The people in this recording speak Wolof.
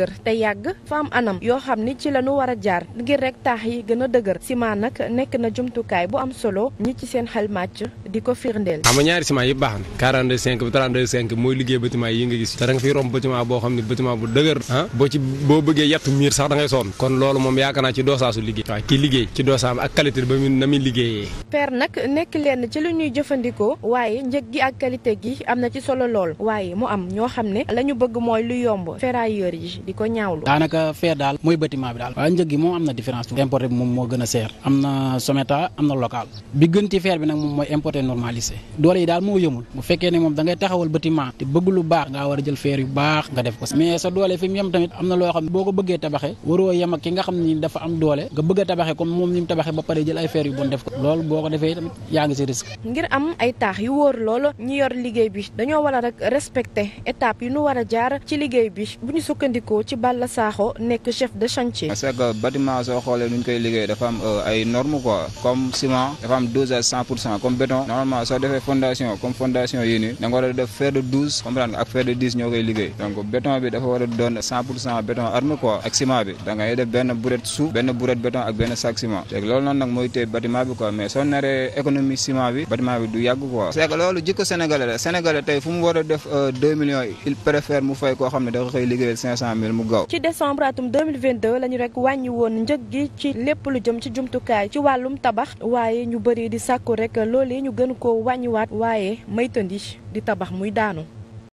dëgër te yàgg fa anam yoo xam ni ci la war a jaar ngir rek taax yi gën dëgër ciment nekk na jumtukaay bu am solo ñi ci seen xel màcc di ko firndeel. xam ñaari ciment yëpp baax na 42 5 32 5 mooy liggéey bâtiment yi nga gis ah, sax da sonn kon loolu moom yaakaar naa ci doosaasu liggéey waaw liggéey ci doosaam ak qualité ba na muy liggéeyee. per nag nekk lenn ci lu ñuy jëfandikoo waaye njëg gi ak qualité gi am na ci solo lool waaye mu am ñoo xam ne la ñu bëgg mooy di daanaka feer daal mooy bâtiment bi daal waaye njëg gi moom am na différence tuuti importé bi moom moo gën a seer am na someta am na local bi gën ci feer bi nag moom mooy importé normalisé doole yi daal moo yëmul bu fekkee ne moom da taxawal bâtiment te bëgg lu baax ngaa war a jël feer yu baax nga def ko mais sa doole fi yem tamit am na loo xam ne boo ko bëggee tabaxee waroo yem ki nga xam ne dafa am doole nga bëgg a comme moom ni bàyyeekoo ci Balla Sakho nekk chef de chantier. parce que soo xoolee nu ñu koy liggéey dafa am euh, ay normes quoi comme ciment dafa am comme béton normalement soo defee fondation comme fondation yii nii da nga def fer de douze comprendre ak fer de dix ñoo koy liggéey donc béton bi dafa war a doon cent pour cent ak ciment bi da def benn bourette suuf benn bourette béton ak benn sac ciment léegi loolu noonu nag mooy téye bâtiment bi quoi mais soo naree mil mu gaaw. ci décembre atum 2022 lañu rek wàññi woon njëg gi ci lépp lu jëm ci jumtukaay ci wàllum tabax waaye ñu bëri di sàkku rek loolee ñu gën koo wàññiwaat waaye maytandi di tabax muy daanu.